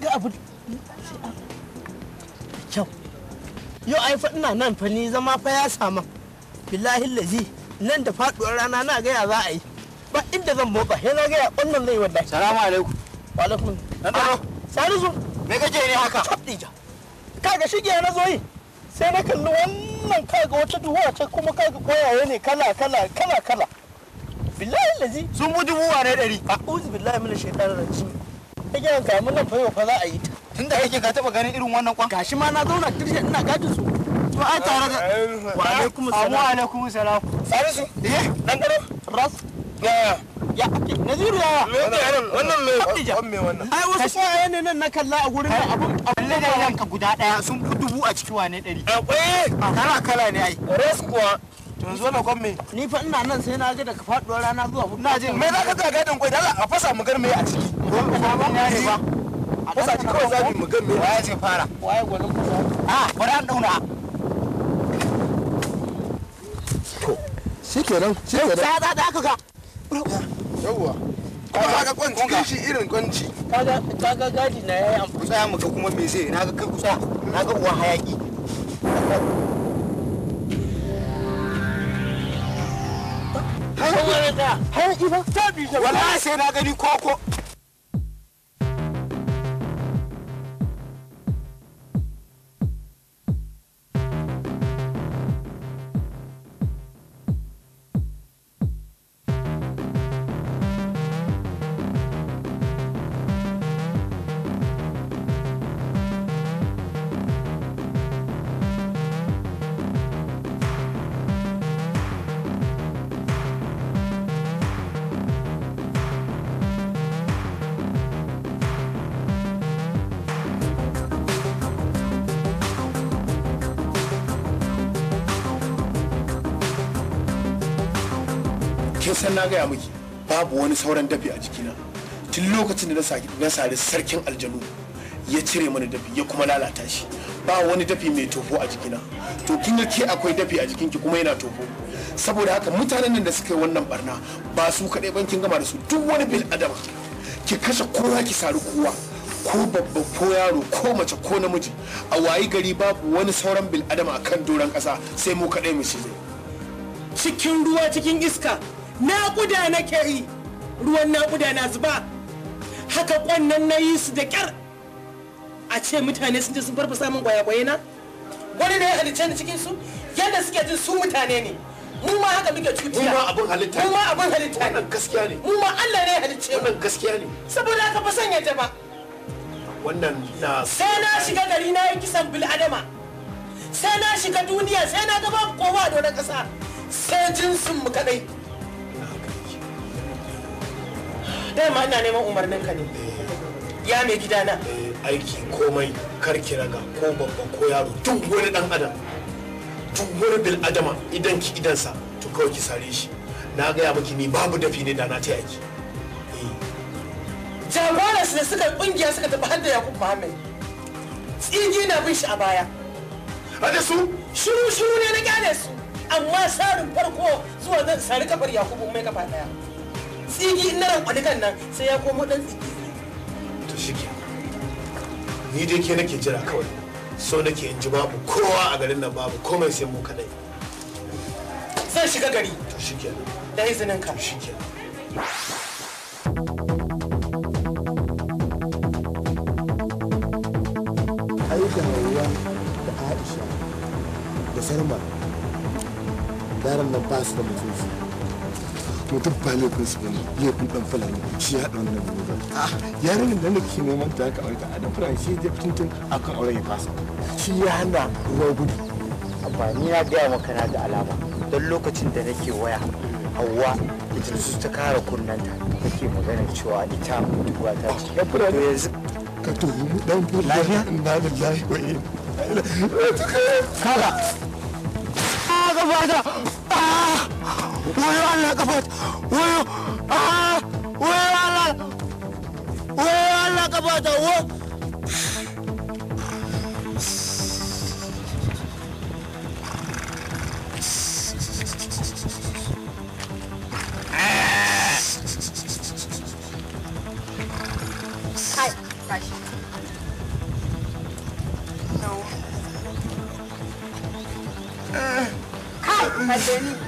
ga abu kyau yau ai fa ina nan fa ni zama fa ya sama billahi lazi nan da faduwar rana na ga ya za a yi ba inda zan motsa he na ga ya wannan zai wallahi salamu alaikum wa alaikum dan daro ah, salisu me kake ne haka tabdija kaga shige na zo yi sai na kalli wannan kaga wata duhuwa ce kuma kaga koyaye ne kala kala kala kala billahi lazi sun mu dubu ne dari a'udhu billahi minash shaitanir rajim Kake yanka mun nan fayo fa za a yi ta. Tunda kake ka taba ganin irin wannan kwan. Gashi ma na zauna tirshe ina gadin su. To tare da Wa alaikum ah, salam. Wa alaikum salam. Salisu. Eh dan Ras. Ya. Ya ake Naziru ya. Wannan me wannan. Ai wasu kwaye ne nan na kalla a gurin abun abun da yanka guda daya sun fi dubu a ciki wane dari. Ah, kala kala ne ai. Ras kuwa. to zo na gwamme ni fa ina nan sai na ga ka faduwar rana zuwa hudu na ji mai za ka tsaya gadin dala a fasa mu garme a ciki ko ba ba ne ne ba a fasa ci kawai zabi mu garme waye zai fara waye gwanin ku a bari an dauna to shikenan shikenan sai da da ka ga yawwa kuma kwanci irin kwanci kaga kaga gadi na yayi amfani tsaya mu ga kuma me zai na kai kusa na ga uwa hayaki har wani daya har ta wallahi sai na gani koko san na gaya miki babu wani sauran dafi a jikina tun lokacin da na sari sarkin aljanu ya cire mana dafi ya kuma lalata shi ba wani dafi mai tofo a jikina to kin ga ke akwai dafi a jikinki kuma yana tofo saboda haka mutanen nan da suka yi wannan barna ba su kaɗai ban kin gama da su duk wani bil adama ki kashe kowa ki sari kowa ko babba ko yaro ko mace ko namiji a wayi gari babu wani sauran bil adama a kan doron ƙasa sai mu kaɗai mu shi cikin ruwa cikin iska naƙuda nake yi ruwan naƙuda na zuba haka kwannan na yi su da ƙyar a ce mutane sun ji sun farfasa min kwayakwaye na wani ne ya halice ni cikin su yadda suke jin su mutane ne mu ma haka muke cutiya mu ma abin halitta mu ma abin halitta wannan gaskiya ne mu ma Allah ne ya wannan gaskiya ne saboda haka fa sanya ta ba wannan na sai na shiga gari na yi kisan bil adama sai na shiga duniya sai na gaba kowa a donar kasa sai jinsin mu kadai dama ina neman umarnin ka ne ya mai gidana eh, aiki komai karki raga ko babba ko yaro duk wani dan adam duk wani bil adama idan ki idansa to kawai ki sare shi na gaya miki ni babu dafi ne da na ta yaki. Eh. jagoransu da suka kungiya suka tafi hadda yakub muhammad tsigi na bin shi a baya a su shiru shiru ne na kyale su amma sarin farko zuwa zan sari kafar yakubu mai kafa daya tsigi na rankwani kan nan sai ya komo dan tsigi to shike ni dai ke nake jira kawai so nake in ji babu kowa a garin nan babu komai sai mu kadai zan shiga gari to shike da izinin ka shike ayyukan rayuwa da aisha da sarma daren nan ba su da mutunci to duk ba laifin su bane laifin dan fulani shi ya haɗa wannan gudu ah yarinyar da nake neman ta ka aure a da fara shi ya tuntun akan aure ya fasa shi ya hana ruwa gudu amma ni na gaya maka na da alama don lokacin da nake waya hawa ita su ta kara ta take magana cewa ita mutuwa ta ce ya fulani yanzu ka tuhumi dan fulani lafiya inna lillahi wa inna ilaihi eh. kaga kaga ba ta ah 喂！阿拉，阿爸，喂！阿，喂！阿拉，喂！阿拉，阿爸，阿爸。嗨，嗨。no。嗨，快点！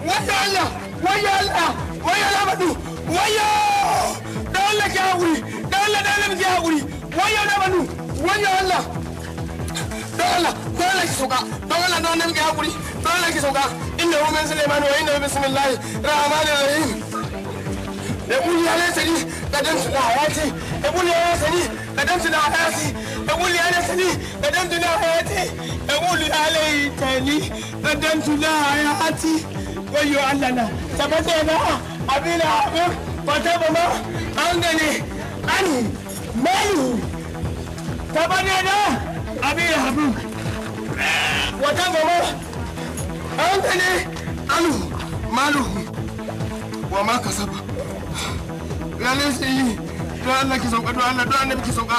ويا الله ويا الله ويا الأبد ويا دولة جاوري دولة دولة جاوري ويا الأبد ويا الله دولة دولة سوكا دولة دولة جاوري دولة سوكا إنه من سليمان وإنه بسم الله الرحمن الرحيم يقول يا ليتني قدمت لحياتي يقول يا ليتني قدمت لحياتي يقول يا ليتني قدمت لحياتي يقول يا ليتني قدمت لحياتي wayo Allah na tabbata na abin ba ma an gane ani mayu tabbata na abila abin wata ba ma an gane alu malu wa ma yi don Allah ki sauka don Allah don Allah ki sauka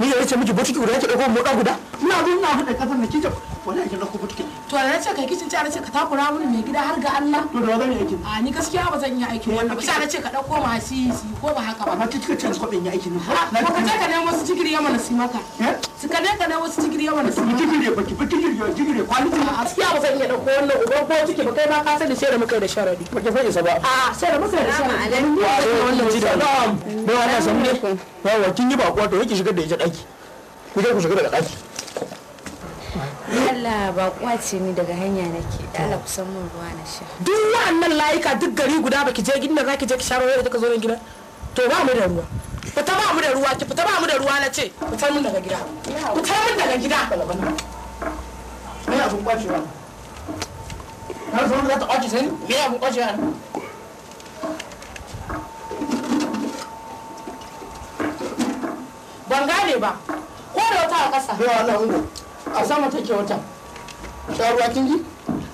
ni da nace miki bokiti guda yake dauko moda guda ina zo ina faɗa ƙasar na kicin wallahi kin rako butkin to da nace kai kicin ce ce ka takura mun mai gida har ga Allah to da zan yi aikin a ni gaskiya ba zan yi aikin wannan ba sai ce ka dauko ma sisi ko ba haka ba amma kicin ce ko ban yi aikin ba ko ka je ka wasu jigiri yamma na simaka su ka ne ka nemo wasu jigiri yamma na simaka jigiri ba ki jigiri ya jigiri kwaliti a gaskiya ba zan iya dauko wannan uban ko ciki ba kai ma ka san sai da muka da sharadi ba ki ba a sai da muka da sharadi wannan jida ba wannan san ne yawa kin yi to yake shigar da daki ku je ku shiga daga daki Allah ba kwace ni daga hanya nake Allah kusan mun ruwa na sha duk wa'annan layuka duk gari guda baki je gidan zaki je ki sharo yadda kika zo nan gidan to ba mu da ruwa fita ba mu da ruwa ki fita ba mu da ruwa na ce fita mun daga gida fita mun daga gida me abun kwacewa har zo za ta kwace sai me abun kwacewa ban gane ba ko da wata a kasa a sama take wata ta ruwa kin ji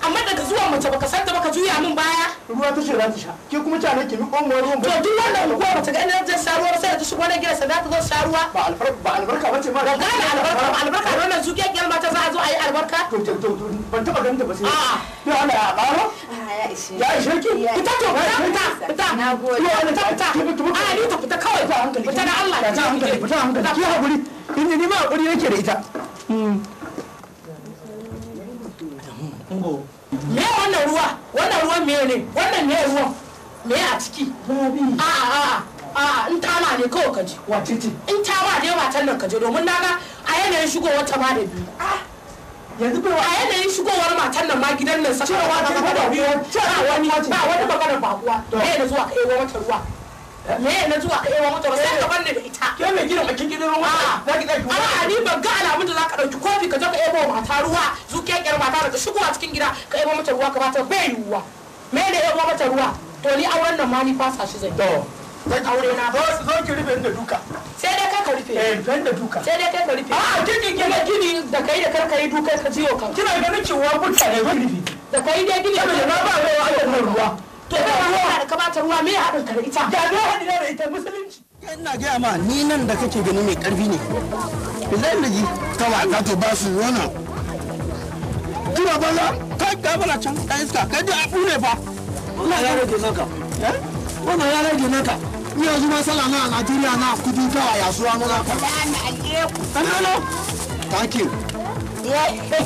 amma daga zuwa mace baka san ta baka juya min baya ruwa ta ce za ta sha ke kuma ta nake mi kon ruwan to duk wannan ruwa bata ga ina zan sha ruwa sai ta shigo na gida sa za ta zo sha ruwa ba albarka ba albarka ce ma da gane albarka ba albarka da nan zuke kiyar mata za a zo a yi albarka to to to ban taba ganin ta ba sai a'a to Allah ya baro ah, ya ishe ya ishe ki fita to fita fita fita nagode fita fita a ni ta fita kawai ta hankali fita da Allah ta hankali fita hankali ki hakuri in ni ma hakuri nake da ita hmm. ango me wannan ruwa wannan ruwan me ne wannan ne ruwan me a ciki a a a a in tama ne kawai ka je wace ce in tama ne matan nan ka je domin na ga a yanayin shigowar ta ma da biyu yanzu bai a yanayin shigowar matan nan ma gidan nan sa cewa ta da biyu ba wani ba wani magana ba kuwa ne da zuwa kai wata ruwa me na zuwa ka eh, yawa mata ba sai ka banne da ita ke mai gidan bakin gidan ruwa ah. za ki dauki a ni ban ga alamun da za ka dauki kofi ka zo ka yawa mata ruwa zukiyar mata daga shigowa cikin gida ka yawa mata ruwa ka bata bai ruwa me ne yawa mata ruwa to ni auren nan ma ni fasa shi zai to dan aure na ba su zo ki rufe duka sai dai kai ka rufe eh da duka sai dai kai ka rufe a gidi ke na gidi da kai da karka duka ka jiyo ka kina ganin ki da rufe da kai dai gidi ba ruwa to da ruwa da ka bata ruwa me haɗin ka da ita ya ne haɗin da ita musulunci ina gaya ma ni nan da kake gani mai karfi ne billahi da ji ta waka to ba su wannan ina banza kai ka bara can ka iska kai da abu ne fa wannan ya rage naka eh? wannan ya rage naka ni yanzu ma sallah na a Najeriya na kudu ta yasuwa na naka kanano thank you Yeah. 啊，可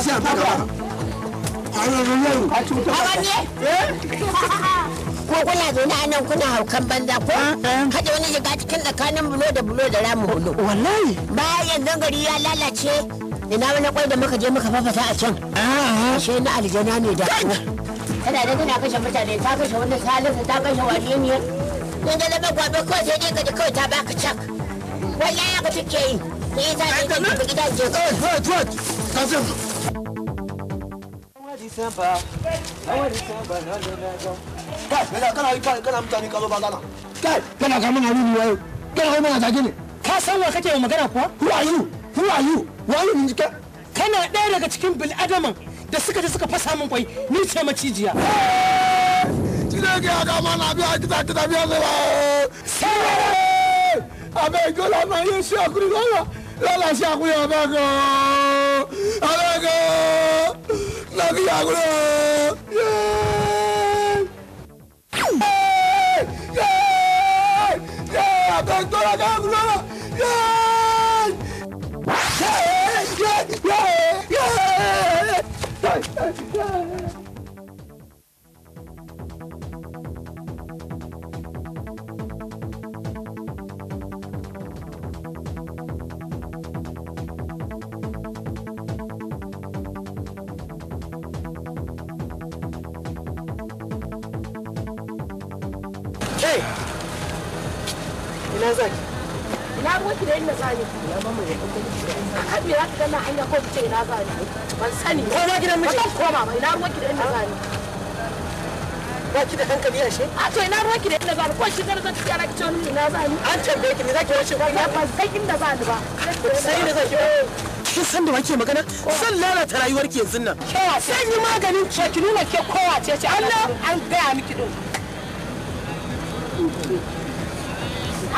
是啊，不可能。ko kuna zaune a nan kuna haukan banza ko kada wani shiga cikin tsakanin bulo da bulo da ramu bulo wallahi bayan yanzu gari ya lalace ina wani kwai da muka je muka fafasa a can ashe na aljana ne da kana da kana kashe mutane ta kashe wani salisu ta kashe wani ne ne da zama gwabe kawai sai dai kaji kawai ta baka cak wallahi haka take yi sai ta ne ta gida je kawai Disamba, Kai, kana kana kana mutane ka zo ba gana. Kai, kana ka mana Kana kai magana kuwa? Who are you? Who are you? Wayo ne jika. Kana ɗaya daga cikin bil'adaman da suka je suka fasa min kwai, ni ce macijiya. Cire ga ga mana biya kita kita biya sai. Abe gola na yesu akuri gola. Lala shi akuri Yeah! Yeah! Yeah! ina zani ban sani ko ma gidan miji ban koma ba ina ruwan ki da inda ba ki da hankali she a to ina ruwan ki da inda ni ko shi garzan zaki yana kici wani ina zani an tambaye ki ne zaki rashin ba ban inda ba sai ne zaki kin san da wake magana zan lalata rayuwar ki yanzu nan yi maganin ce ki nuna ke kowa ce ce Allah an gaya miki din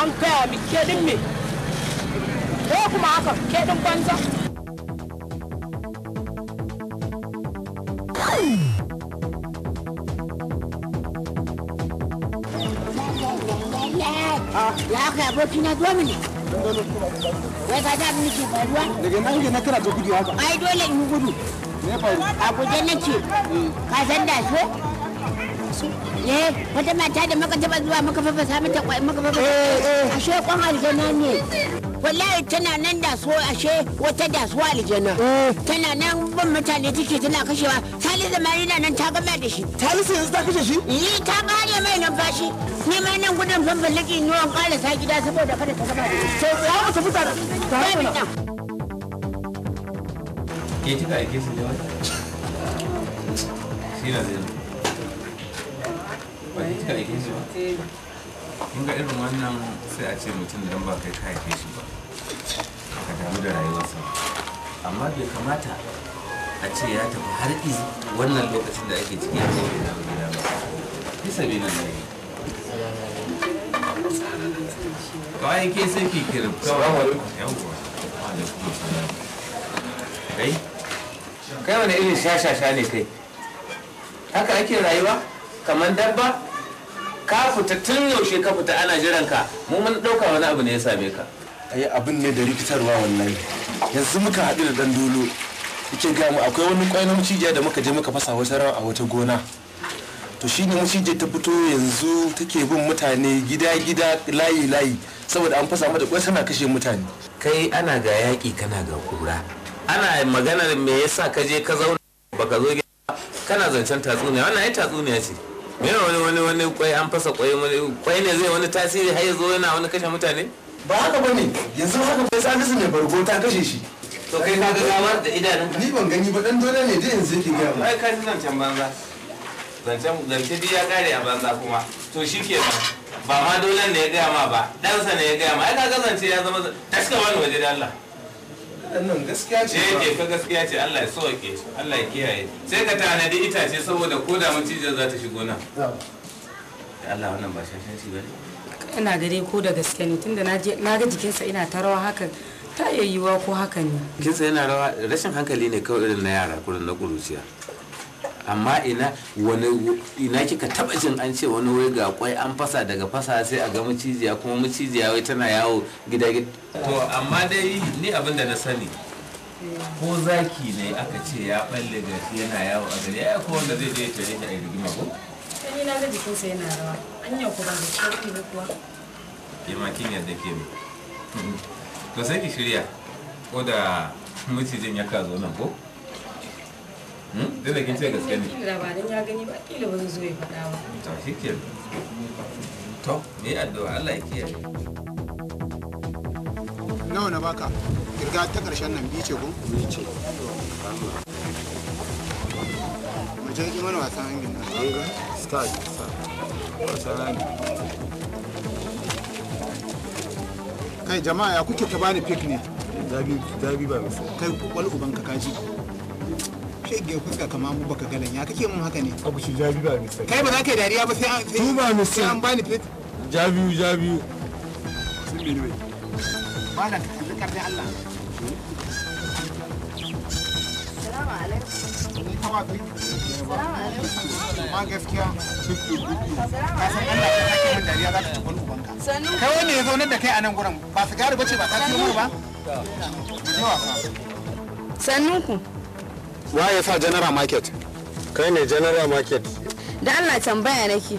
an gaya miki ke me ko kuma haka ke banza ya aka aboki na dole wai ka ai dole in gudu a guje nake ka san da so eh wata mata da muka taba zuwa muka fafasa mata kwai muka fafasa eh, eh. ashe kwan aljana ne wallahi tana nan da so ashe wata da so aljana eh. tana nan ban mutane take tana kashewa Eliza Marina nan ta gama da shi. Ta lisa yanzu ta kashe shi? Ni ta kare mai numfashi. Ni ma nan gudun fanfalaki ni wan sa gida saboda kada ta gama da shi. To ya mu tafi tare. Ta hanyar nan. Ke tuka aike su da wata? Sira da yau. Ba ke kika aike su ba? In ga irin wannan sai a ce mutum da ba kai ka aike shi ba. Ka damu da rayuwarsa. Amma bai kamata a ce ya tafi har izi wannan lokacin da ake ciki ya ce bai dawo gida ba bisa bi nan ne kawai ke sai ki kirif kawai kai kai wani irin shashasha ne kai haka ake rayuwa kamar dabba ka fita tun yaushe ka fita ana jiran ka mu mun dauka wani abu ne ya same ka ai abin ne da rikitarwa wallahi yanzu muka haɗu da dan dolo yake ga mu akwai wani kwai na mucijiya da muka je muka fasa wata rawa a wata gona to shine mucijiyar ta fito yanzu take bin mutane gida gida layi layi saboda an fasa mata kwai tana kashe mutane kai ana ga yaƙi kana ga kura ana maganar me yasa ka je ka zauna baka zo gida kana zancen tatsuniya wannan ai tatsuniya ce me wani wani wani kwai an fasa kwai wani kwai ne zai wani tasiri har ya zo yana wani kashe mutane ba haka bane yanzu haka bai salisu ne bargo ta kashe shi to kai ka ga gawar da idanun ni ban gani ba dan dole ne dai yanzu yake ga mu ai ka ji can banza zancen zance biyu ya kare a banza kuma to shi ke ba ma dole ne ya gaya ma ba ɗansa ne ya gaya ma ai ka ga zance ya zama taska wani waje da Allah waɗannan gaskiya ce ba. ka gaskiya ce Allah ya sauke Allah ya kiyaye. Sai ka tanadi itace saboda ko da macijin za ta shigo nan. Da Allah wannan ba shashanci ba Ina gare ko da gaske ne tunda na ga jikinsa ina ta rawa hakan. ta iya yiwuwa ko haka ne kinsa yana rawa rashin hankali ne kawai irin na yara kurin na kuruciya amma ina wani ina kika taba jin an ce wani wai ga kwai an fasa daga fasa sai a ga macijiya kuma macijiya wai tana yawo gida gida to amma dai ni abin da na sani ko zaki ne aka ce ya balle gashi yana yawo a gari ya ko wanda zai je ya tare da rigima ko ni na ga sai yana rawa an yau kuma da shi ne kuwa ke makin yadda ke mu to sai ki shirya ko da macijin ya ka zo nan ko hmm? dole kin ce gaske ne da ya gani ba kila ba zo ya faɗa ba to shikenan to me addu'a Allah ya nawa na baka kirga ta karshen nan bice ko bice mu je mana wasan hangin nan an ga hangin kai jama'a ya kuke ta bani picnic dabi dabi ba musu kai kwal uban ka kaji shege fuska kama mu baka galan ya kake mun haka ne abu shi jabi ba musu kai ba za ka yi dariya ba sai an sai ba musu an bani plate jabi jabi sun bi ne ba da Allah Salamu alaikum. hawa biyu wani ya zaunar da kai a nan gurin ba su gari bace ba ta ciwo ba sannu ku wa ya sa general market kai ne general market da Allah tambaya nake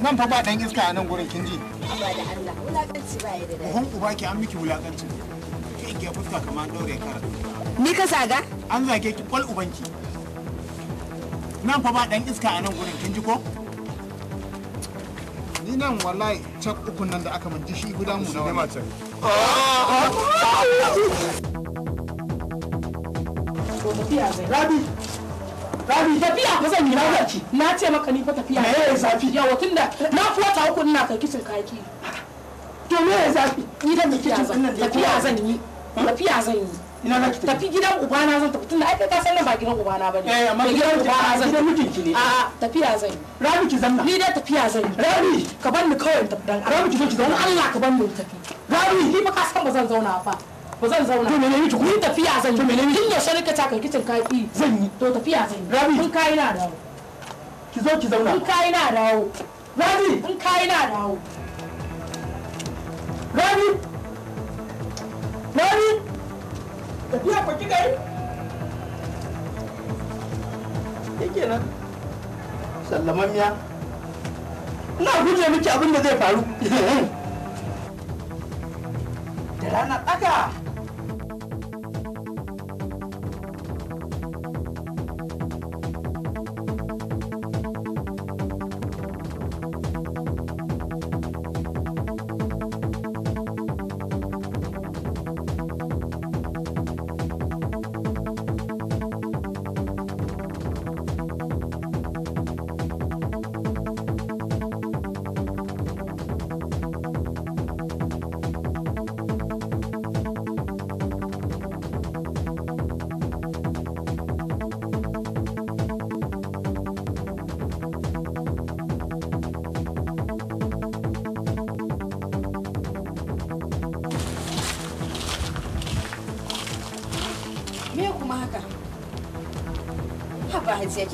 nan fa ba dan iska a nan gurin kin ji Allah da Allah wulakanci ba ya da dadi uban uba ki an miki wulakanci ke fuska kamar daure kara ni ka zaga an zage ki kwal ubanki nan fa ba dan iska a nan gurin kin ji ko ni nan wallahi ukun nan da Rabi, tafiya zan yi Na ce maka ni tafiya. Me na fota uku ina kicin kaki. To me zafi? Ni da kicin tafiya zan yi. tafiya zan yi ina za tafi gidan ubana zan tafi tunda ai kai ka san nan ba gidan ubana bane eh amma gidan ubana zan gidan mijinki ne a'a tafiya zan yi rabi ki zanna ni dai tafiya zan yi rabi ka bar ni kawai tafi dan rabi ki zo ki zauna Allah ka bar ni tafi rabi ni ba ka san ba zan zauna ba. ba zan zauna to menene ki ni tafiya zan yi to menene tun yaushe rika ta kai kicin kaki zan yi to tafiya zan yi rabi kun kai na dawo ki zo ki zauna kun kai na dawo rabi kun kai na dawo rabi Nani? Tafiya ku kika yi? miya Ina guje miki abin da zai faru. Da rana tsaka.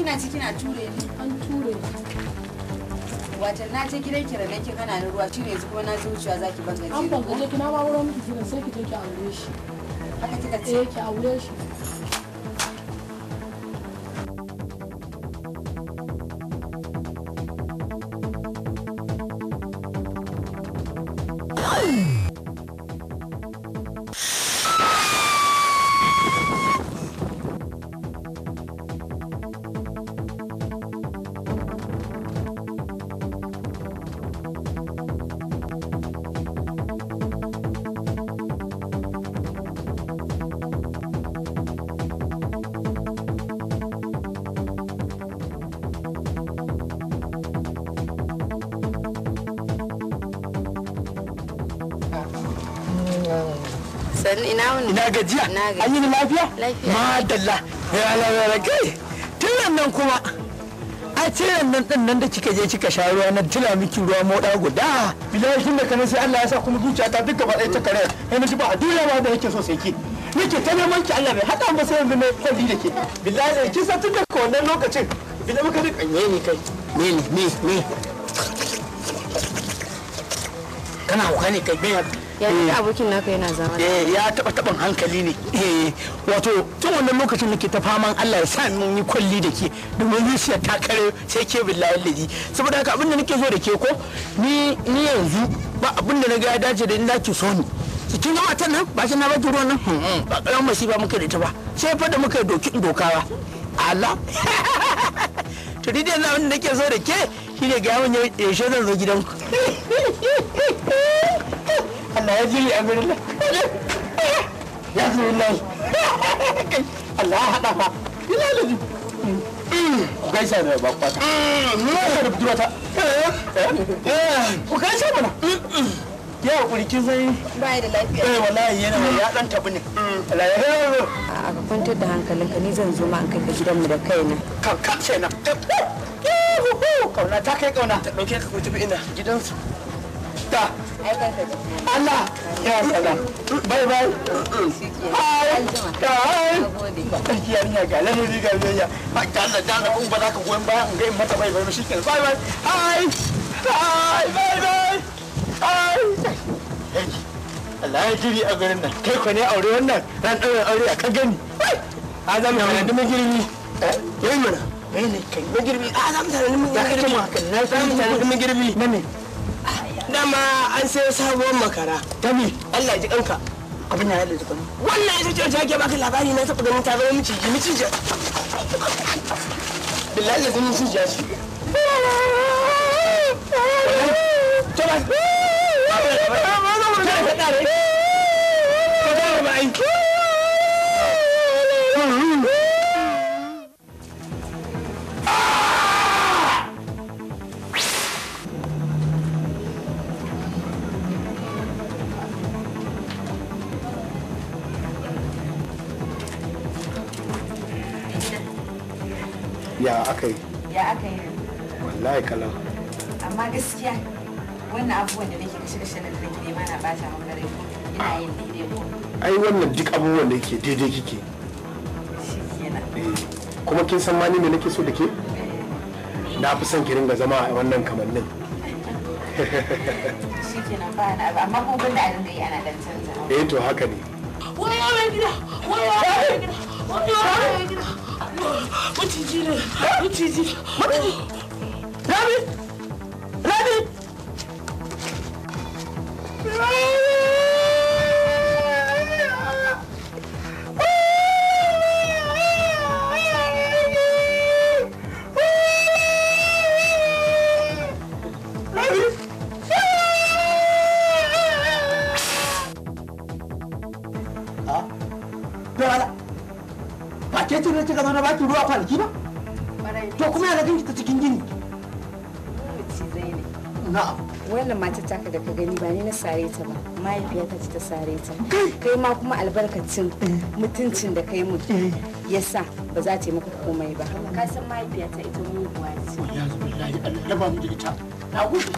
kina ciki na ture ni an ture wata na ce gidan kira na ki kana ruwa shi ne kuma na zuciya zaki ban gaje an ban gaje kina ba wurin miki kira sai ki je ki aure shi haka kika ce eh, ki aure shi ina wani ina gajiya an yi lafiya madalla ya lalala kai tun nan kuma a tiran nan din nan da kika je kika sha ruwa na tila miki ruwa moda guda bilahi tun da kana sai Allah ya sa kuma zuciya ta duka ba ta kare sai na ba a duniya ba da yake so sai ki nake ta neman ki Allah bai hada ba sai yanzu na kwalli da ke bilahi kin san tun da wannan lokacin bilahi muka rika ne ne kai ne ne ne kana hauka ne kai bai ya ta eh. abokin naka yana zama eh ya taba taban hankali ne eh wato tun wannan lokacin nake ta faman Allah ya sa mun yi kwalli da ke domin zuciya ta kare sai ke billahi ladi saboda haka abinda nake so da ke ko ni ni yanzu ba abinda na ga ya dace da in ki so ni kin ga matan nan ba shi na baki ruwan nan hmm, ba karamin masifa muka da ita ba sai fa da muka doki dokawa Allah to ni dai na wanda nake so da ke shine ga yawan yaushe zan zo gidanku Allah ya ji a birnin ya zuri lai Allah ya haɗa ma ina lalaji ku gaisa da bakwata ku gaisa da budurata ku gaisa mana ya hakuri kin sai baya da lafiya eh wallahi yana ya ɗan tabu ne Allah ya rawo a ka kwantar da hankalinka ni zan zo ma an kai ka gidanmu da kaina ka ka ce na kauna ta kai kauna ta dauke ka ku tafi ina gidansu ta Allah ya salam bye-bye. hai kai sarki yarinya ga ga ba da Allah ba za ka goyen in mata shikenan Allah ya jiri a garin nan kai ko ne aure wannan ran ɗaurin aure a kan gani a zama eh? yayi mana da da dama an sai sabuwar makara dami Allah ji kanka abin na yadda tukuni wannan ya ce jage baka labari na taɓa ganin ta zama miciji miciji billahi da zama miciji shi Ah! ya aka yi ya aka yi wallahi kalan amma gaskiya wannan abubuwan da nake kashe kashe nan da nake nema na bata mun rai ina yin daidai ko ai wannan duk abubuwan da yake daidai kike eh, kuma kin san mani ni me nake so da ke eh. na fi son ki ringa zama a wannan kamannin shikenan ba na amma ko ban da ringa yi ana dan canza eh to haka ne wai ya gida wai ya gida wai ya gida ó ti jí lẹ̀ ó ti jí. Rẹ́mi Rẹ́mi. ci gaba zauna baki ruwa kwanaki ba to kuma ya ganki ta cikin gini cizai ne na'am wannan taka da ka gani ba ni na sare ta ba mahaifiya ta ci ta sare ta kai ma kuma albarkacin eh. mutuncin da kai mutu eh. yasa ba za ta yi maka komai ba ka san mahaifiya ta ita buwa ce ya zo billahi Allah raba mu da ita Na gode.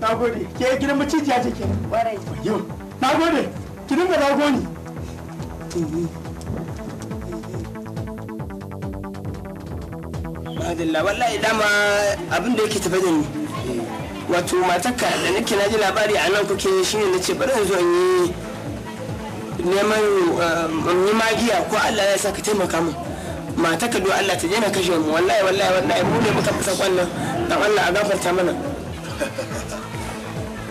Na gode. ke gidan macijiya ce kenan warai yau nagode ki dinga nagode alhamdulillah wallahi dama abin da yake tafe da ni wato matarka da nake na ji labari a nan kuke ne na ce bari zo yi neman um, yi magiya ko Allah ya sa ka taimaka mu matarka do Allah ta daina kashe mu wallahi wallahi wallahi mu ne muka fasa kwannan dan Allah a gafarta mana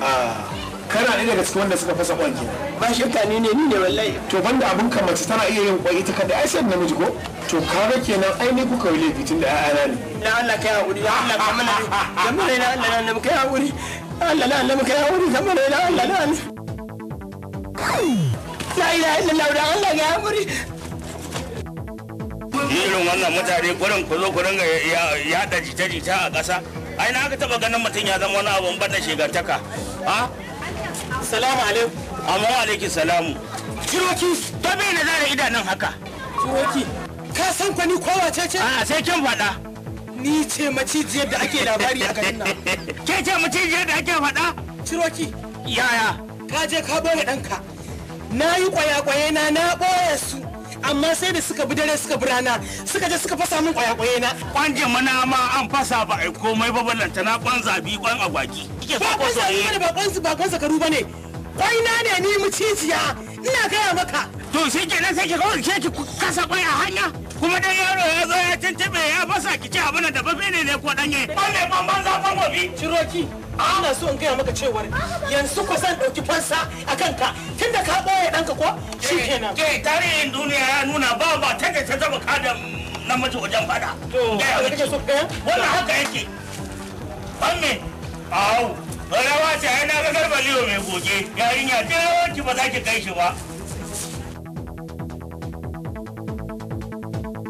ah. kana ne daga cikin wanda suka fasa kwan kenan ba shakka ne ne ni ne wallahi to banda abun kan mace tana iya yin kwai ita kada ai sai namiji ko to ka ga kenan ai ne kuka wule fitin da ayana ne la Allah kai hakuri ya Allah kai mana ne la Allah la Allah kai hakuri Allah la Allah kai hakuri kamar ne la Allah la Allah la ilaha illallah da Allah kai hakuri irin wannan mutane gurin ku zo ku ringa yaɗa jita-jita a ƙasa ai na aka taɓa ganin mutum ya zama wani abun bada shegantaka ha assalamu alaikum amma alaikum salamu ciroki ta bai na zara idanun haka ciroki ka san kwani kowa ce ce a sai kin faɗa ni ce macijiyar da ake labari a garin nan ke ce macijiyar da ake faɗa ciroki yaya ka je ka bore ɗanka na yi kwaya kwaye na na ɓoye su amma sai da suka bi dare suka bi rana suka je suka fasa min kwaya kwaya na kwanjin mana ma an fasa ba ai komai ba ballanta na kwan zabi kwan agwagi ba kwan zabi ba kwan zakaru bane kwai na ne ni mu cijiya ina gaya maka to sai kenan sai ki kawarce ki kasa kwai a hanya kuma dan yaro ya zo ya tuntube ya fasa ki ci abin da bafe ne ne ko danye balle ban za ban gobi ciroki ina so in gaya maka cewar yanzu ku san dauki fansa akan ka tunda ka boye danka ko shi kenan ke eh, eh, tarihin duniya ya nuna ba ba ta ta zama kadan namiji wajen fada to ya kake wannan haka yake ban au rawa ce ai na ga garba mai goge yarinya ta ki ba za ki kai shi ba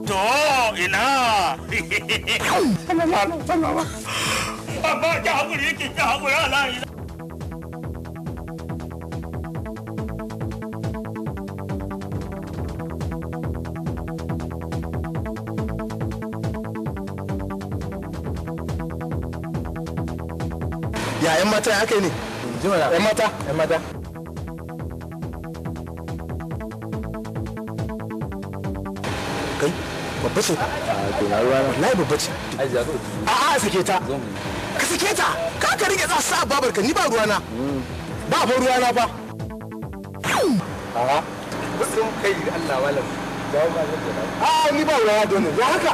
to ina ki hakuri ki hakuri ya yan mata ya kai ne yan mata yan mata kai babba ce wallahi babba ce a a sake ta ka sake ta ka ka rike za sa babar ka ni ba ruwana ba ba ruwana ba a ni ba ruwana don ne ya haka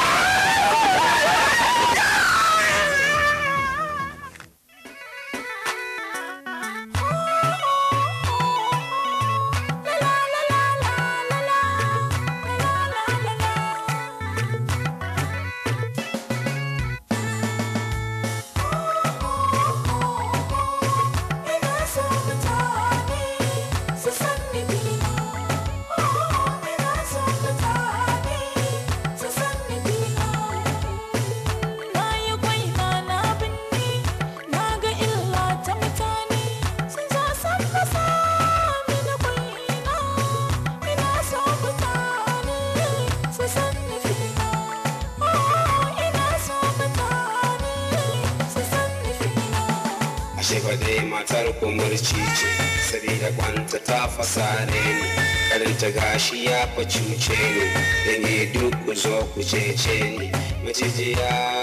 dai matar kumurci ce sabida kwanta ta fasare ni karanta gashi ya fa cuce ni da ni duk ku zo ku cece ni macijiya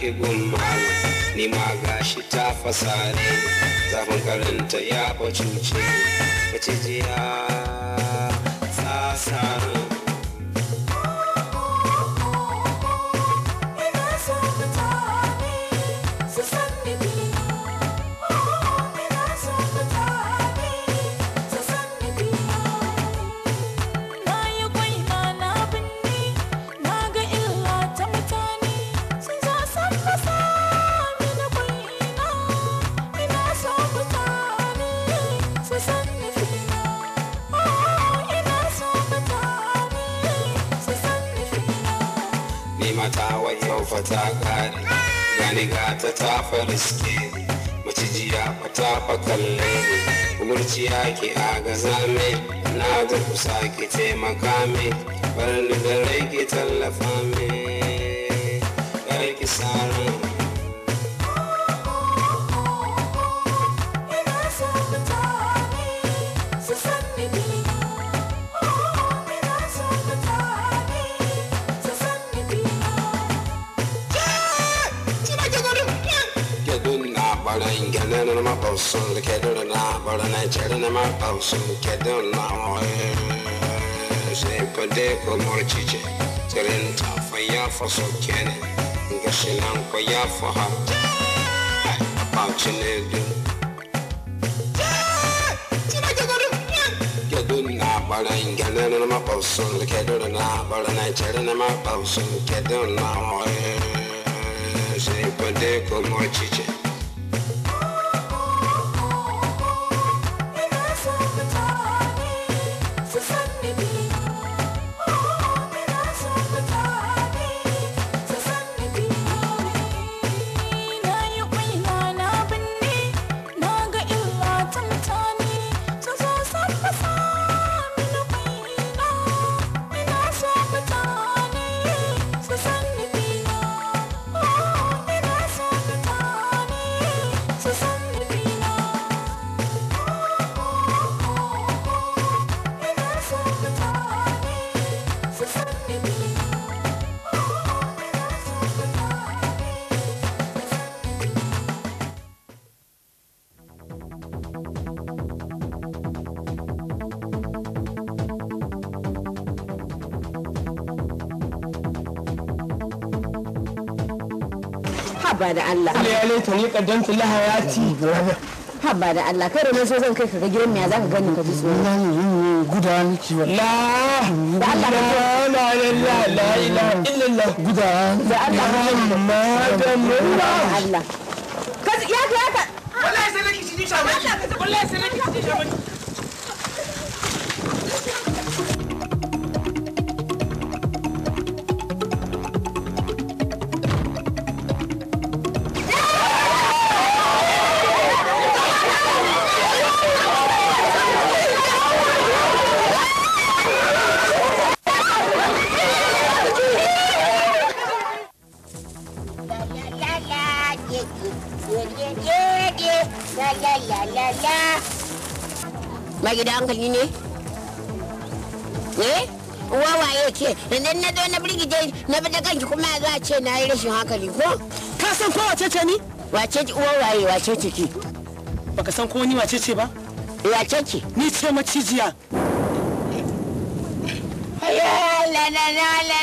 Igun gun ni ma gashi ta fasari zafin karanta ya fa cuce mace jiya sa riske ya fata fakalle gurciya ke aga zame na ga kusa ke taimaka me bari da rai ke tallafa me kar ki sa ran pausu kedurna barane chedne mar pausu kedurna oe se pade ko morchiche teren ta faya faso kene gashinan ko ya faha pauchine du kedurna barane kedurna mar pausu kedurna barane chedne mar pausu kedurna oe se pade ko morchiche haba da Allah ya laita ni kaddamtu lahayati haba da Allah kai na so zan kai ka ga gidan me zaka gani ka ji yi guda niki La. da Allah la la la la ilaha illallah guda da Allah Muhammadun Allah kaza ya ka wallahi sai nake shi ni shamaki wallahi sai nake shi ni shaman. ba gida hankali ne eh uwa wawaye ce idan na zo na birgije na bi da kanki kuma za a ce na yi rashin hankali ko ka san ko wace ce ni wace ce uwa wawaye wace ce ki baka san ko ni wace ce ba eh, wace ce ni ce macijiya ayyala na na na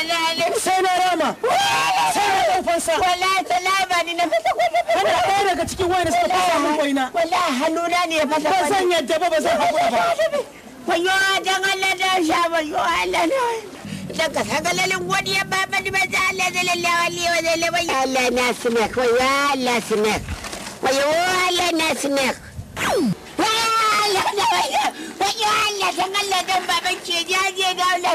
salama sai fansa wallahi salama ni na fasa kwallo kana ɗaya daga cikin wayanda suka fasa min waina wallahi hannuna ne ya fasa ba zan yadda ba ba zan haƙura ba wayo dan Allah dan sha wayo Allah na daga sagalalin godiya baban ba za Allah da lallawa liya wa zai labai Allah na snack wayo Allah snack wayo Allah na snack wayo Allah na wayo wayo Allah dan Allah dan baban ke jaje da Allah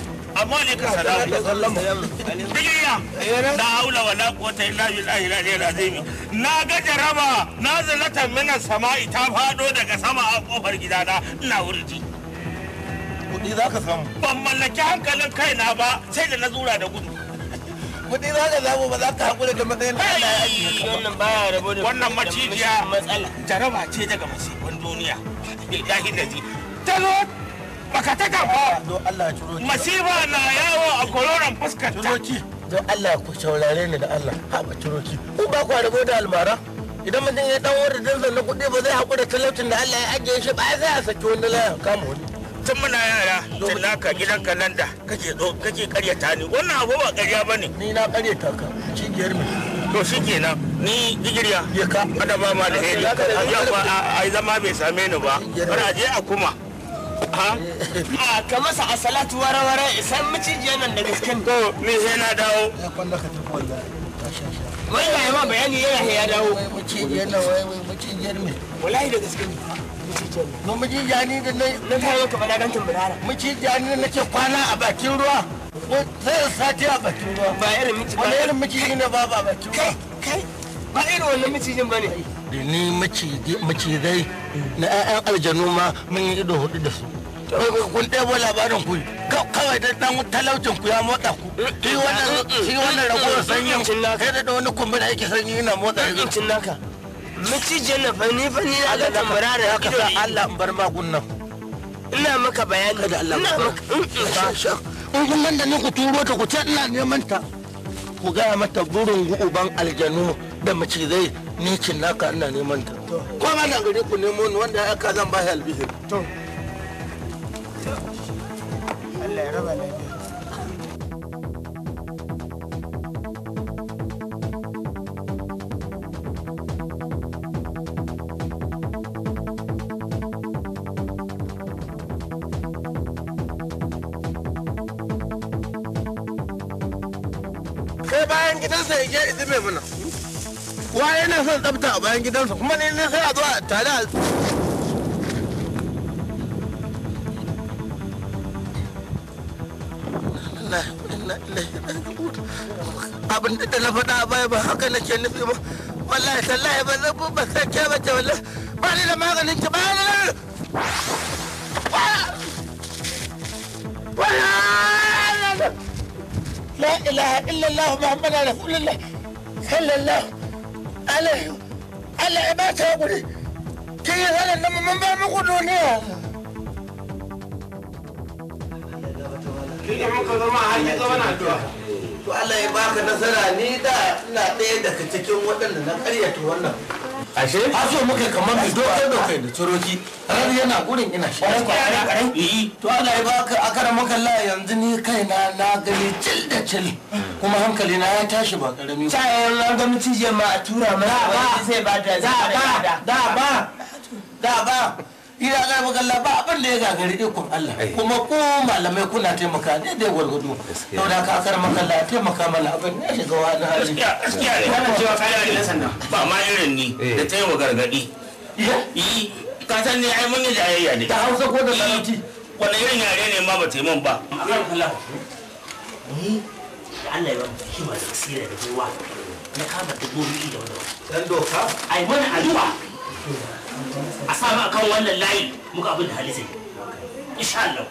amma ne ka salamu biliya eh. la aula wala quwwata illa billahi al-aliyyil azim na ga jaraba na zalata mina sama'i ta fado daga sama a kofar gidana ina wurji kudi zaka samu ban mallaki hankalin kaina ba sai da na zura da gudu kudi za ka zamu ba za ka hakura da matsayin da Allah ya ajiye wannan baya rabo da wannan macijiya jaraba ce daga masifan duniya billahi da ji ta zo baka ta kafa masifa na yawo a kororon fuskar ta don Allah ku saurare ni da Allah haɓa turoki ku ba ku rabo da almara idan mutum ya dan wanda dan zanna kuɗi ba zai haƙura talautin da Allah ya ajiye shi ba sai a saki wani laya kama wani tun muna yara tun naka gidanka nan da kake zo kake karyata ni wannan abu ba karya bane ni na karyata ka cigiyar mu to shi kenan ni digiriya ya ka adaba ma da heri yawa ai zama bai same ni ba bara je a kuma a ka masa a salatu wara-wara isan macijiyar nan da gaske to me sai na dawo ya kwanda ka tafi wallahi wallahi bayani ya ya dawo macijiyar nan wai wai macijiyar me wallahi da gaske ne ma macijiya ni da na na ka ke kwana a bakin ruwa sai sati a bakin ruwa ba irin miciji ba irin miciji ne ba ba bakin ruwa kai kai ba irin wannan ba ne da ni macizai na 'ya'yan aljanu ma mun yi ido hudu da su kun ɗebo labarin ku kawai da ɗan talaucin ku ya motsa ku shi wannan shi wannan ragowar sanyin kai da wani da aiki sanyi yana motsa yanzu cin naka macijiyar na fani fani na ga tambara da haka sa Allah in bar magunan ina maka bayani da Allah mm, mm. ba. in kun da ni ku turo ta ku ce ina neman ta ku gaya mata burin gu'uban aljanu da mace ni cin naka ina neman ta ko ma na gari ku nemo ni wanda aka zan ba shi albihir to Allah ya raba lafiya sai bayan gidansa ya je izime mana waye ne son tsafta a bayan gidansa kuma ne ne sai a zo a tare a abin da na faɗa a baya ba haka nake nufi ba wallahi tallahi ba zan ba sai ke ba ce wallahi ba ni da maganin ki ba ni da لا اله الا الله محمد رسول الله صلى الله Allah Allah ya ba hakuri kin yi sanar da mun ba muku duniya kin yi muka zama har yi zama na addu'a to Allah ya baka nasara ni da ina ɗaya daga cikin waɗanda na ƙaryata wannan ashe aso muka kamar da dokar da da turoki ran yana gurin ina shi kwarai to Allah ya baka akara maka la yanzu ni kaina na gani cil da cil kuma hankali na ya tashi ba karami ta yan na ga mutije ma a tura mana ba sai ba da za ba da ba da ba iya garba galla ba abin da ya gagari ikon Allah kuma ko malamai kuna taimaka ne da gwargwado to da ka akar makalla taimaka mana abin ya shiga wani hali gaskiya ne kana cewa kai ne sannan ba ma irin ni eh. da taimaka gargadi yi ka san ne ai mun yi jayayya ne da Hausa ko da Larabci wani irin yare ne ma ba taimon ba ni Allah ya ba shi ba tsira da kowa na kama dabbobi da wani dan doka ai mana addu'a a sa akan wannan layi muka abin da hali insha Allah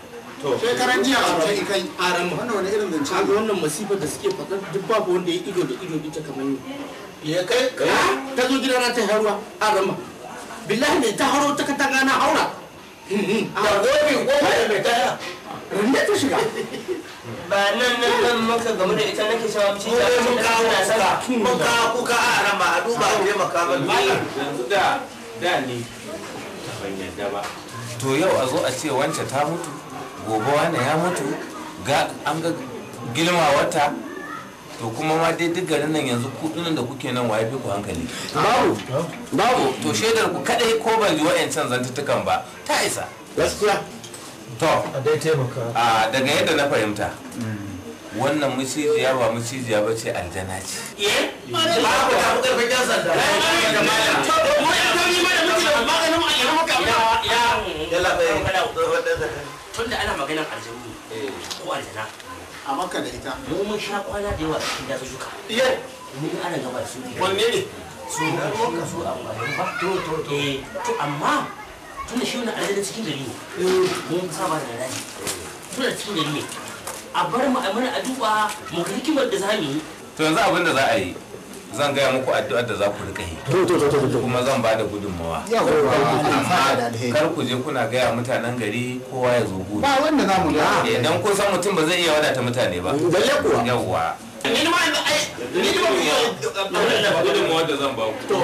shekaran jiya a ce ikan aran wannan wani irin zance an wannan masifar da suke faɗa duk babu wanda ya ido da ido kamar ni ya kai eh? ta zo gidana ta haruwa aran ma billahi ne ta haro ta haura hmm, hmm. gobe gobe da rinda ta shiga ba nan nan nan maka game da ita nake ci ta kuka kuka aran ma a duba ba yanzu da da ne ban ba to yau a zo a ce wance ta mutu gobe wane ya mutu ga an ga gilma wata to kuma ma dai duk garin nan yanzu kudunan da kuke nan waye ku hankali babu babu to shaidar ku kadai ko ban yi wa'ancan zantutukan ba ta isa gaskiya to a dai taimaka a daga yadda na fahimta mm. wannan macijiya ba macijiya ba ce aljana ce. Tunda ana maganar aljanu ko aljana. A maka da ita. Mu mun sha kwana da yawa cikin Iya. ana gaba su ne. Wanne ne? Su ka a ba. To to to. Eh, to amma tunda shi wani aljana cikin gari ne. Eh. Mun saba da Tunda cikin gari ne. a bar mu a mana addu'a mu hikimar da za yi to yanzu abin da za a yi zan gaya muku addu'ar da za ku rika yi kuma zan ba da gudunmawa amma kar ku je kuna gaya mutanen gari kowa ya zo gudu ba wanda za mu ga Idan eh, kun san mutum ba zai iya wadata mutane ba lalle kuwa yawwa ni ma ni ma mu gudunmawa da zan ba ku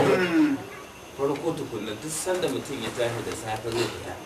farko tukunna duk sanda mutum ya tashi da safe zai fita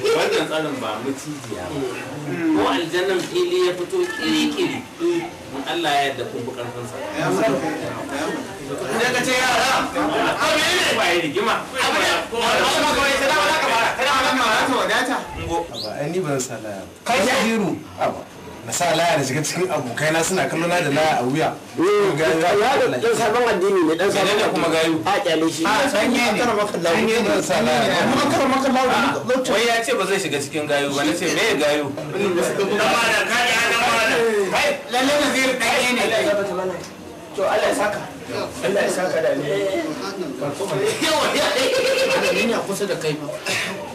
wannan tsarin ba macijiya ba ko aljannan fili ya fito kiri-kiri in Allah ya yarda kun bukar kansa da ka ce yara abu ne ba yi rigima abu ne ba kawai sai da wala ka bara sai da wala ka bara to wadata ba ni ban sala kai jiru na sa laya da shiga cikin abokaina suna kallo na da laya a wuya eh, dan sabon addini ne dan sabon addini kuma gayu a kyale shi a sanye ne kar maka ne dan sa laya a kar maka wai ya ce ba zai shiga cikin gayu ba ce me gayu da ma da ka ji ana ma da ne to Allah ya saka Allah ya saka da yawa ya kusa da kai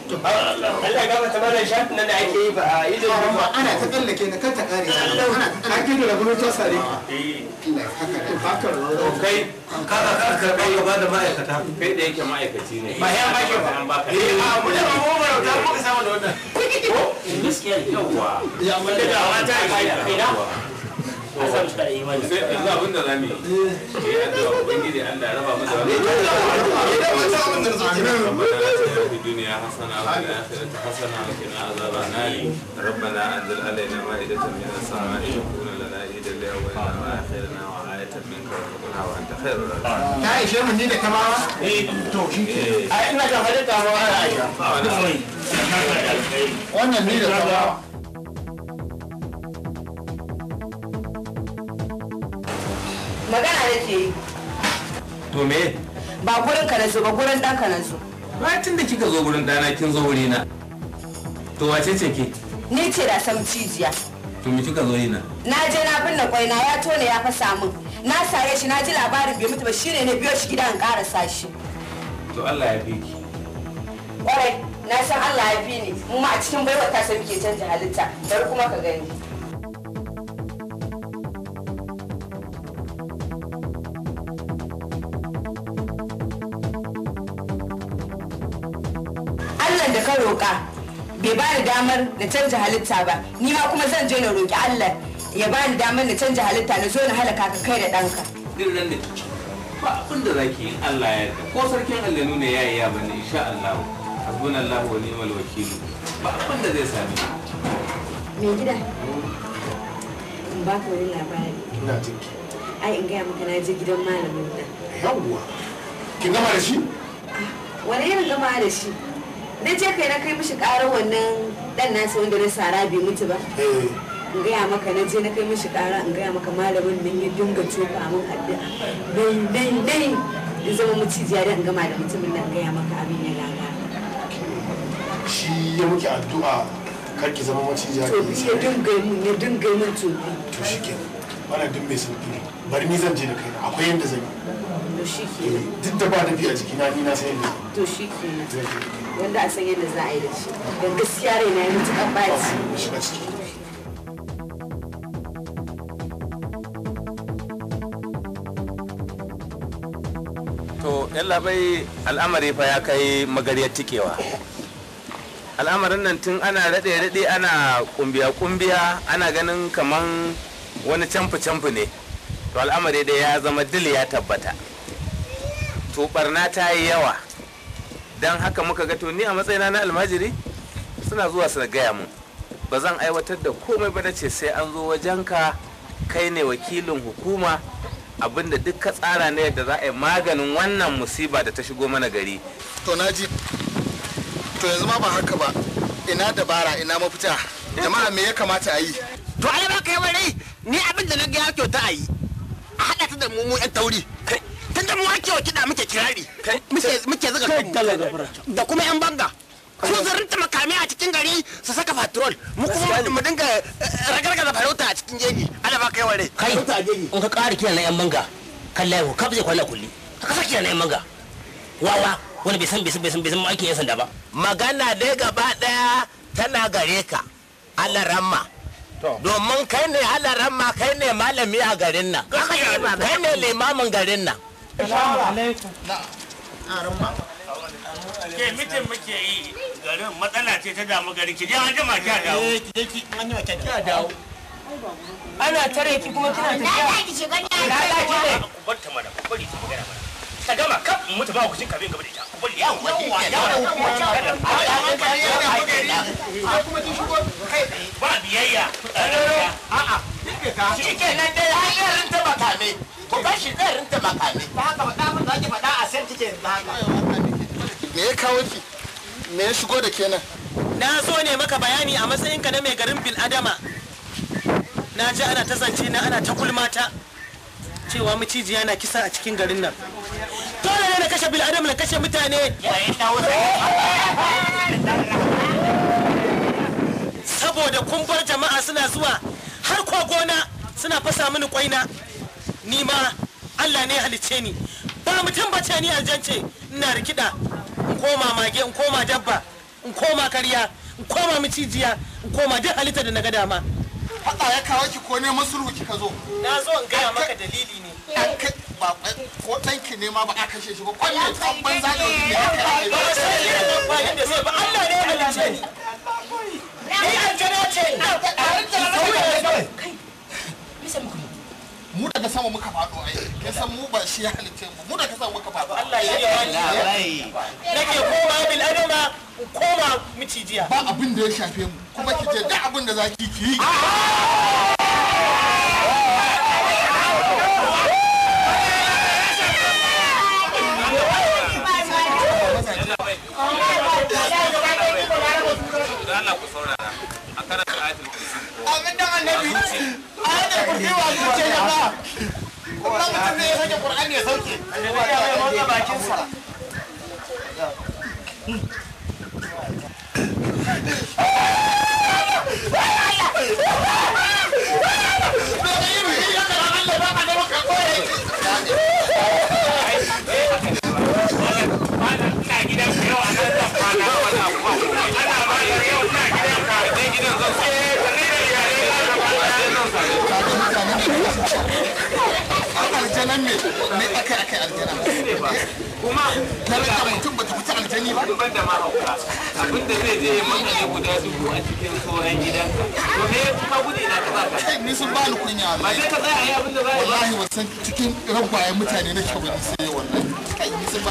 Allah ga nan da ake yi ba a yi ana ta tsallake na kanta kare ta ana ta kake da rabu ta sare haka da ka ka ka kai da ma'aikata kai da yake ma'aikaci ne ba ya ba ke ba an baka a mu da mu ba ta mu ka samu da wannan ko gaskiya yawa ya mun da ta kai da sai yanzu raba duniya ishe mun da kamawa eh to shi ke ai ina ga wannan da kamawa magana da yi to me ba gurin ka na zo ba gurin ɗanka na zo tun da kika zo gurin ɗana kin zo wurina to wace ce ke ni ce da san cijiya to me kika zo yi na na je na binne kwai na ya tone ya fasa min na saye shi na ji labarin bai mutu ba shine ne biyo shi gidan kara shi to Allah ya fi ki kwarai na san Allah ya fi ni mu ma a cikin baiwa ta sai muke canja halitta bari kuma ka gani bai bani damar na canja halitta ba ni ma kuma zan je na roki Allah ya bani damar na canja halitta na zo na halaka ka kai da danka Din nan da ba abin da zaki yi Allah ya yarda ko sarkin allah nuna ya ya bane insha Allah Allah wa ni'mal wakil ba abin da zai sami. Me gida? In ba ka wani labari. Ina jinki. Ai in ga maka na je gidan malamin da. Yawwa. Kin gama da shi? Wani irin gama da shi? na je kai na kai mishi ƙarar wannan dan nasu wanda na sara bai mutu ba eh. in gaya maka na je na kai mishi ƙara in gaya maka malamin nan ya dinga tuka min addu'a dai dai dai in zama mucijiya da in gama da mutumin nan gaya maka abin ya gagara shi ya muke addu'a kar ki zama jiya to ya dinga mun ya dinga mun to to shikenan wannan duk mai sauki ne bari ni zan je da kai akwai yanda zan yi shi ke duk da ba dafi a jikina ni na san to shi ke wanda a san yadda za a yi da shi da gaskiya rai na yi mutuƙar shi. to yallaɓai al'amari fa ya kai magaryar tikewa al'amarin nan tun ana raɗe-raɗe ana kumbiya-kumbiya ana ganin kaman wani camfi-camfi ne to al'amari da ya zama dil ya tabbata to barna ta yi yawa don haka muka ga to ni a matsayina na almajiri suna zuwa su gaya mun ba zan aiwatar da komai ba ce sai an zo wajenka kai ne wakilin hukuma abinda duk ka tsara ne yadda za a yi maganin wannan musiba da ta shigo mana gari to naji to yanzu ma ba haka ba ina dabara ina mafita jama'a me ya kamata a yi to ai ba kai bare ni abinda na ga kyauta a yi a haɗa ta da mu mu yan tauri tunda mu ake wa kiɗa muke kirari muke zuga kanmu da kuma yan banga su zurin ta makami a cikin gari su saka patrol mu kuma mu dinga eh, ragarga da farauta a cikin jeji ala ba kai ware kai in ka ƙara kiran na yan banga kallai ko kaf zai kwalla kulli ka saki kiran na yan banga wawa wani bai san bai san bai san bai san aikin yan sanda ba magana dai gaba daya tana gare ka Allah ramma domin kai ne halaran ma kai ne malami a garin nan kai ne limamin garin nan Assalamu alaikum. Ke mitin muke yi garin matsala ce ta damu gari ki je an jima ki dawo. Eh ki je ki an jima ki dawo. Ana tare ki kuma kina tafiya. Na ki shiga ne. Na ki ne. Barta mana bari ki magana mana. ta gama kaf mutu ba kucin kabin gaba da ita ku bari yawa yawa yawa kuma kada a ga an ga ya da hakari ko kuma kin shigo kai ba biyayya a a shi kenan dai har yarin ta ko ba shi zai rinta makame ba haka ba dama za ki faɗa a san kike yanzu haka me ya kawo ki me ya shigo da kenan na so ne maka bayani a matsayinka na mai garin bil'adama na ji ana ta zance na ana ta kulmata cewa macijiya na kisa a cikin garin nan dole ne na kashe bil'adam na kashe mutane saboda kumbar jama'a suna zuwa har kwa gona suna fasa mini kwaina ni ma allah ne halice ni ba mutum bace ni aljance ina rikida in koma mage in koma dabba in koma karya in koma macijiya in koma duk halitta da na ga dama faɗa ya kawo ki ko masuru ki ka zo na zo in gaya maka dalili ne ba ko ɗanki ne ma ba a kashe shi ba ko ne kan banza da wuri ya kai ba sai ya ba yanda sai ba Allah ne ya halice ni ni aljana ce kai bisa muku mu daga sama muka faɗo ai kai san mu ba shi ya halice mu mu daga sama muka faɗo Allah ya yi mani nake koma bil adama koma micijiya ba abin da ya shafe mu kuma ki je duk abin da zaki ki yi Allah a karanta ayatul kursi. Amin da annabi. ayatul kursi wa zuwa ce kuma mutum ne ya sauke qur'ani ya sauke annabi ya mai motsa bakin sa san me me aljana kuma mutum bata fita aljani ba ban da abinda zai je ya guda dubu a cikin tsoron to me ya kuma na ka baka kai ni sun bani kunya ba sai ka tsaya yi abinda ba wallahi wasan cikin ragwayen mutane na kyau sai wannan kai ni sun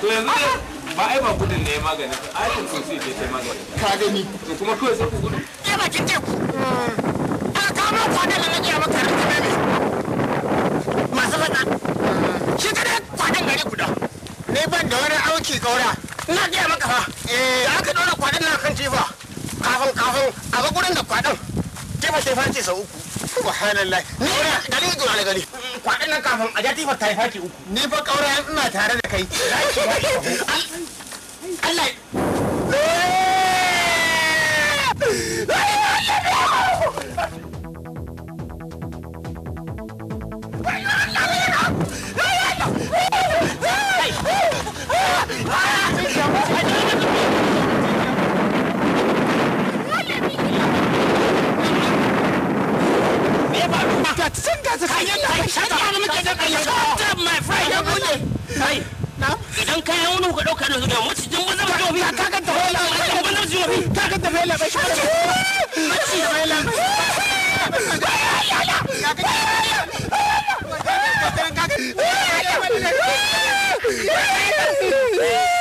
to yanzu ba ai ba ne magani sai magani ka gani to kuma kawai sai ku gudu kama da nake maka faɗa shi ka dai kwaɗin gari guda ni ban da wani auki gaura na gaya maka fa eh. da aka ɗora kwaɗin na kan tifa kafin kafin a ga gurin da kwaɗin tifa sai face sau uku subhanallah ni da ni da gari nan kafin a ja tifa ta face uku ni fa kaura ina tare da kai Allah idan ka yi wani ka ɗauka da zuwa wasu jin ba zama jobi ka ga ta wala ba ka ga jobi ka ga ta wala ba ka ga mace da wala ba ka ga ta wala ba ¡Sí!